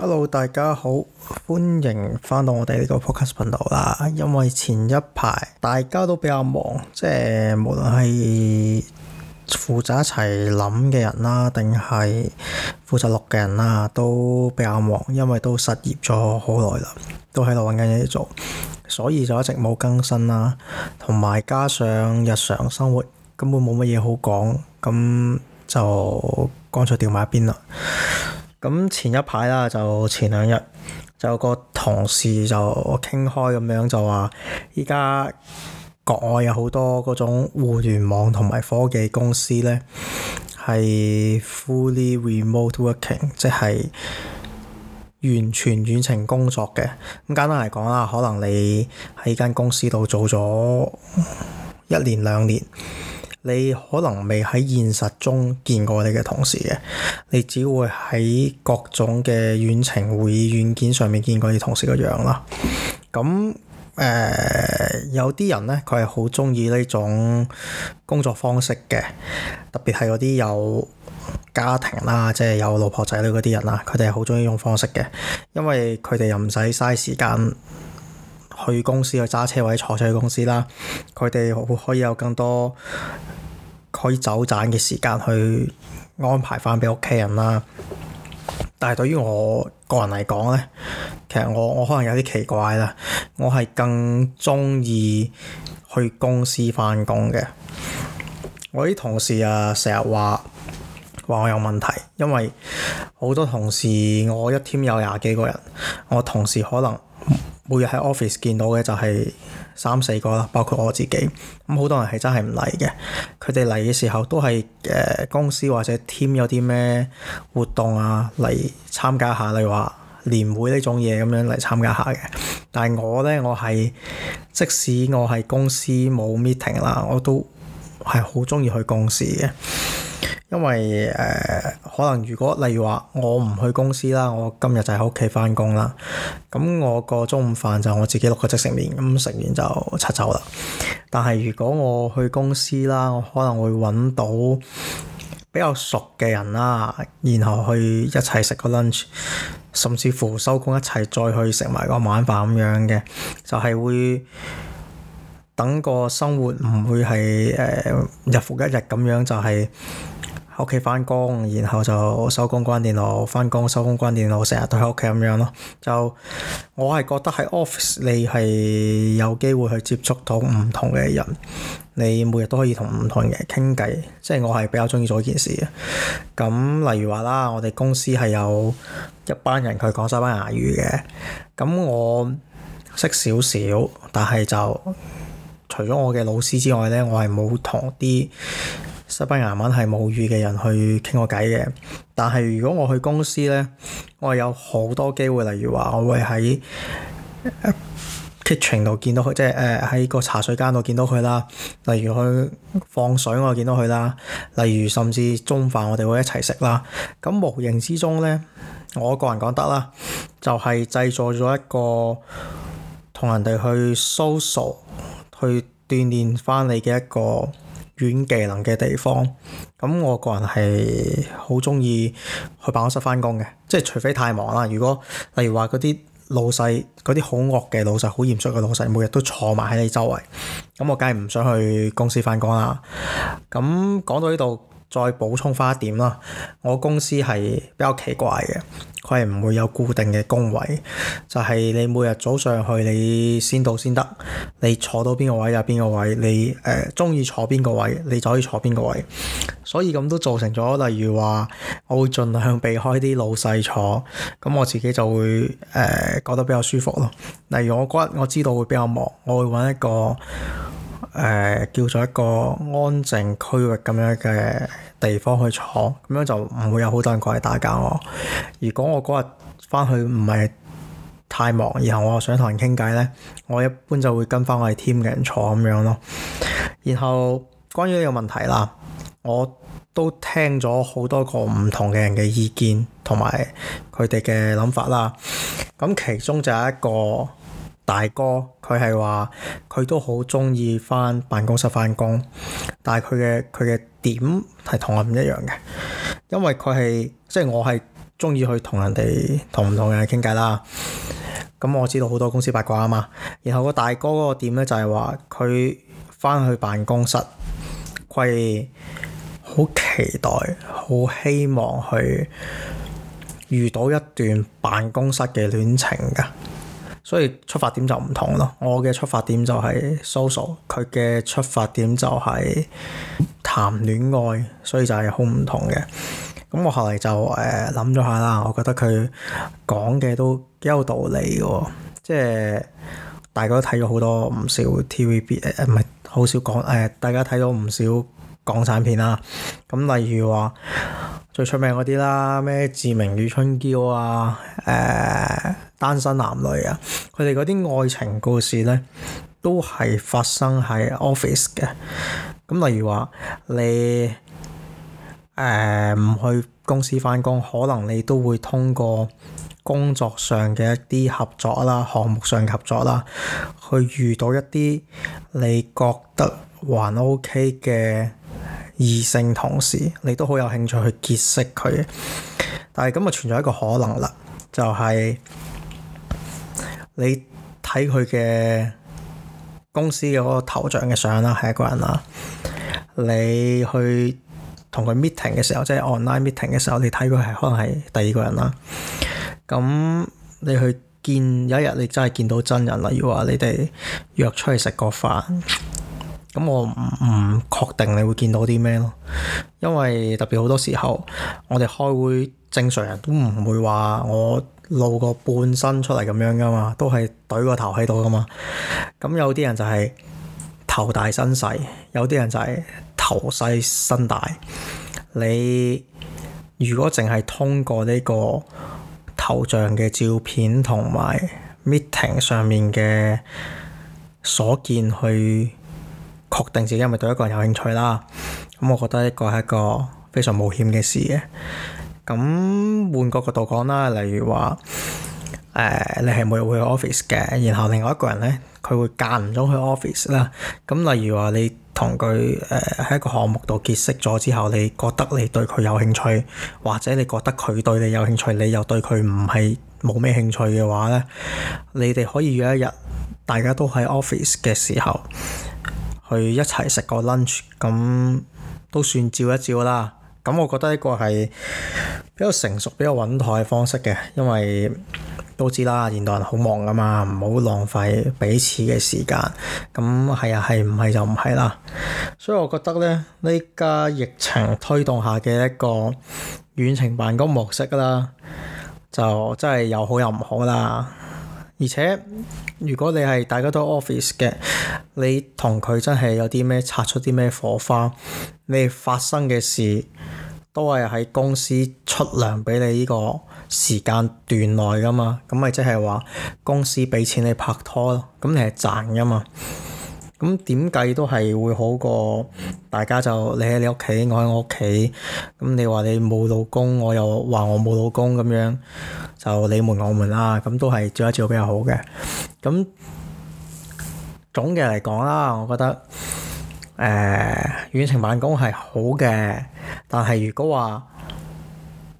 Hello，大家好，歡迎翻到我哋呢個 Podcast 頻道啦。因為前一排大家都比較忙，即係無論係負責一齊諗嘅人啦，定係負責錄嘅人啦，都比較忙，因為都失業咗好耐啦，都喺度揾緊嘢做，所以就一直冇更新啦。同埋加上日常生活根本冇乜嘢好講，咁就乾脆掉埋一邊啦。咁前一排啦，就前兩日就個同事就傾開咁樣就話，依家國外有好多嗰種互聯網同埋科技公司呢，係 fully remote working，即係完全遠程工作嘅。咁簡單嚟講啦，可能你喺間公司度做咗一年兩年。你可能未喺現實中見過你嘅同事嘅，你只會喺各種嘅遠程會議軟件上面見過你同事個樣啦。咁誒、呃，有啲人咧，佢係好中意呢種工作方式嘅，特別係嗰啲有家庭啦，即係有老婆仔女嗰啲人啦，佢哋係好中意呢種方式嘅，因為佢哋又唔使嘥時間去公司去揸車或者坐車去公司啦，佢哋可以有更多。可以走盞嘅時間去安排翻畀屋企人啦，但係對於我個人嚟講咧，其實我我可能有啲奇怪啦，我係更鍾意去公司翻工嘅。我啲同事啊成日話話我有問題，因為好多同事我一 team 有廿幾個人，我同事可能。每日喺 office 見到嘅就係三四個啦，包括我自己。咁好多人係真係唔嚟嘅。佢哋嚟嘅時候都係誒、呃、公司或者 team 有啲咩活動啊嚟參加下，例如話年會呢種嘢咁樣嚟參加下嘅。但係我呢，我係即使我係公司冇 meeting 啦，我都係好鍾意去公司嘅。因為誒、呃，可能如果例如話，我唔去公司啦，我今日就喺屋企翻工啦。咁我個中午飯就我自己碌個即食麵，咁食完就擦走啦。但係如果我去公司啦，我可能會揾到比較熟嘅人啦，然後去一齊食個 lunch，甚至乎收工一齊再去食埋個晚飯咁樣嘅，就係、是、會等個生活唔會係誒、呃、日復一日咁樣就係、是。屋企翻工，然後就收工關電腦，翻工收工關電腦，成日都喺屋企咁樣咯。就我係覺得喺 office，你係有機會去接觸到唔同嘅人，你每日都可以同唔同嘅人傾偈，即係我係比較中意做一件事嘅。咁例如話啦，我哋公司係有一班人佢講西班牙語嘅，咁我識少少，但係就除咗我嘅老師之外呢，我係冇同啲。西班牙文係冇語嘅人去傾個偈嘅。但係如果我去公司咧，我有好多機會，例如話我會喺、呃、kitchen 度見到佢，即係誒喺個茶水間度見到佢啦，例如去放水我見到佢啦，例如甚至中飯我哋會一齊食啦。咁無形之中咧，我個人講得啦，就係製作咗一個同人哋去 social，去鍛鍊翻你嘅一個軟技能嘅地方，咁我個人係好中意去辦公室翻工嘅，即係除非太忙啦。如果例如話嗰啲老細，嗰啲好惡嘅老細，好嚴肅嘅老細，每日都坐埋喺你周圍，咁我梗係唔想去公司翻工啦。咁講到呢度。再補充翻一點啦，我公司係比較奇怪嘅，佢係唔會有固定嘅工位，就係、是、你每日早上去你先到先得，你坐到邊個位就邊個位，你誒鍾意坐邊個位，你就可以坐邊個位，所以咁都造成咗，例如話我會盡量避開啲老細坐，咁我自己就會誒、呃、覺得比較舒服咯。例如我嗰日我知道會比較忙，我會揾一個。誒、呃、叫做一個安靜區域咁樣嘅地方去坐，咁樣就唔會有好多人過嚟打攪我。如果我嗰日翻去唔係太忙，然後我又想同人傾偈咧，我一般就會跟翻我哋 team 嘅人坐咁樣咯。然後關於呢個問題啦，我都聽咗好多個唔同嘅人嘅意見同埋佢哋嘅諗法啦。咁其中就有一個。大哥佢係話佢都好中意翻辦公室翻工，但係佢嘅佢嘅點係同我唔一樣嘅，因為佢係即係我係中意去同人哋同唔同人傾偈啦。咁我知道好多公司八卦啊嘛。然後個大哥嗰個點咧就係話佢翻去辦公室，佢係好期待、好希望去遇到一段辦公室嘅戀情噶。所以出發點就唔同咯，我嘅出發點就係 social，佢嘅出發點就係談戀愛，所以就係好唔同嘅。咁我後嚟就誒諗咗下啦，我覺得佢講嘅都幾有道理嘅，即係大家都睇咗好多唔少 TVB 誒、呃，唔係好少講誒、呃，大家睇到唔少港產片啦。咁例如話，最出名嗰啲啦，咩《志明與春嬌》啊，誒、呃、單身男女啊，佢哋嗰啲愛情故事咧，都係發生喺 office 嘅。咁、嗯、例如話，你誒唔、呃、去公司翻工，可能你都會通過工作上嘅一啲合作啦、項目上嘅合作啦，去遇到一啲你覺得還 OK 嘅。異性同事，你都好有興趣去結識佢。但係咁就存在一個可能啦，就係你睇佢嘅公司嘅嗰個頭像嘅相啦，係一個人啦。你去同佢 meeting 嘅時候，即係 online meeting 嘅時候，你睇佢係可能係第二個人啦。咁你去見有一日，你真係見到真人，例如話你哋約出去食個飯。咁我唔唔確定你會見到啲咩咯，因為特別好多時候，我哋開會正常人都唔會話我露個半身出嚟咁樣噶嘛，都係懟個頭喺度噶嘛。咁有啲人就係頭大身細，有啲人就係頭細身大。你如果淨係通過呢個頭像嘅照片同埋 meeting 上面嘅所見去，確定自己係咪對一個人有興趣啦？咁我覺得呢個係一個非常冒險嘅事嘅。咁換個角度講啦，例如話誒、呃，你係每日會去 office 嘅，然後另外一個人咧，佢會間唔中去 office 啦。咁例如話，你同佢誒喺一個項目度結識咗之後，你覺得你對佢有興趣，或者你覺得佢對你有興趣，你又對佢唔係冇咩興趣嘅話咧，你哋可以約一日，大家都喺 office 嘅時候。去一齊食個 lunch，咁都算照一照啦。咁我覺得呢個係比較成熟、比較穩妥嘅方式嘅，因為都知啦，現代人好忙噶嘛，唔好浪費彼此嘅時間。咁係啊，係唔係就唔係啦。所以我覺得咧，呢家疫情推動下嘅一個遠程辦公模式啦，就真係有好有唔好啦。而且如果你係大家都喺 office 嘅，你同佢真係有啲咩擦出啲咩火花，你發生嘅事都係喺公司出糧俾你呢個時間段內噶嘛，咁咪即係話公司俾錢你拍拖咯，咁你係賺噶嘛，咁點計都係會好過大家就你喺你屋企，我喺我屋企，咁你話你冇老公，我又話我冇老公咁樣。就你們我們啦，咁都係照一照比較好嘅。咁總嘅嚟講啦，我覺得誒、呃、遠程辦公係好嘅，但係如果話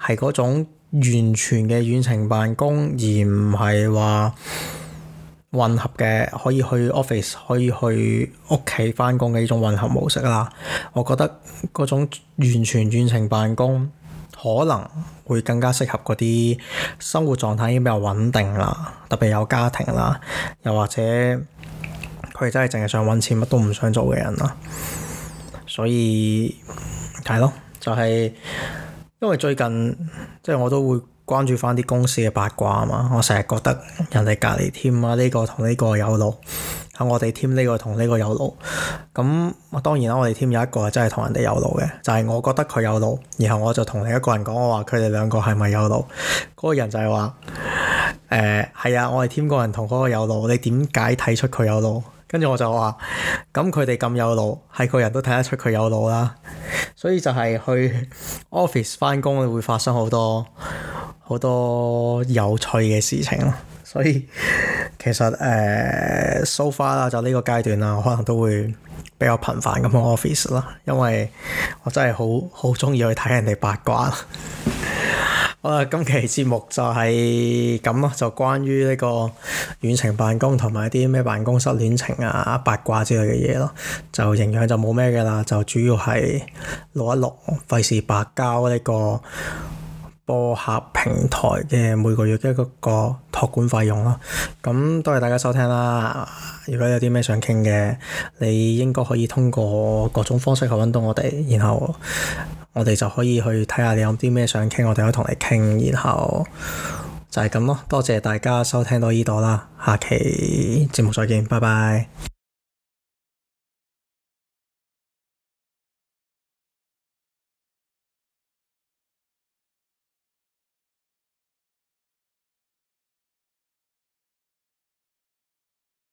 係嗰種完全嘅遠程辦公，而唔係話混合嘅可以去 office，可以去屋企翻工嘅呢種混合模式啦，我覺得嗰種完全遠程辦公，可能會更加適合嗰啲生活狀態已經比較穩定啦，特別有家庭啦，又或者佢哋真係淨係想搵錢，乜都唔想做嘅人啦。所以係咯，就係因為最近即係我都會。關注翻啲公司嘅八卦啊嘛，我成日覺得人哋隔籬 team 啊呢、這個同呢個有路，喺、啊、我哋 team 呢個同呢個有路。咁、啊、我當然啦，我哋 team 有一個真係同人哋有路嘅，就係、是、我覺得佢有路，然後我就同另一個人講，我話佢哋兩個係咪有路？嗰、那個人就係話：誒、呃，係啊，我哋 team 個人同嗰個有路，你點解睇出佢有路？跟住我就話：咁佢哋咁有路，係個人都睇得出佢有路啦。所以就係去 office 返工會發生好多。好多有趣嘅事情咯，所以其實誒，so、呃、far 啦，就呢個階段啦，我可能都會比較頻繁咁 office 啦，因為我真係好好中意去睇人哋八卦。 好啦，今期節目就係咁咯，就關於呢個遠程辦公同埋啲咩辦公室戀情啊、八卦之類嘅嘢咯，就營養就冇咩噶啦，就主要係錄一錄，費事白交呢、這個播客平台嘅每個月嘅嗰個託管費用咯，咁多謝大家收聽啦。如果有啲咩想傾嘅，你應該可以通過各種方式去揾到我哋，然後我哋就可以去睇下你有啲咩想傾，我哋可以同你傾，然後就係咁咯。多謝大家收聽到呢度啦，下期節目再見，拜拜。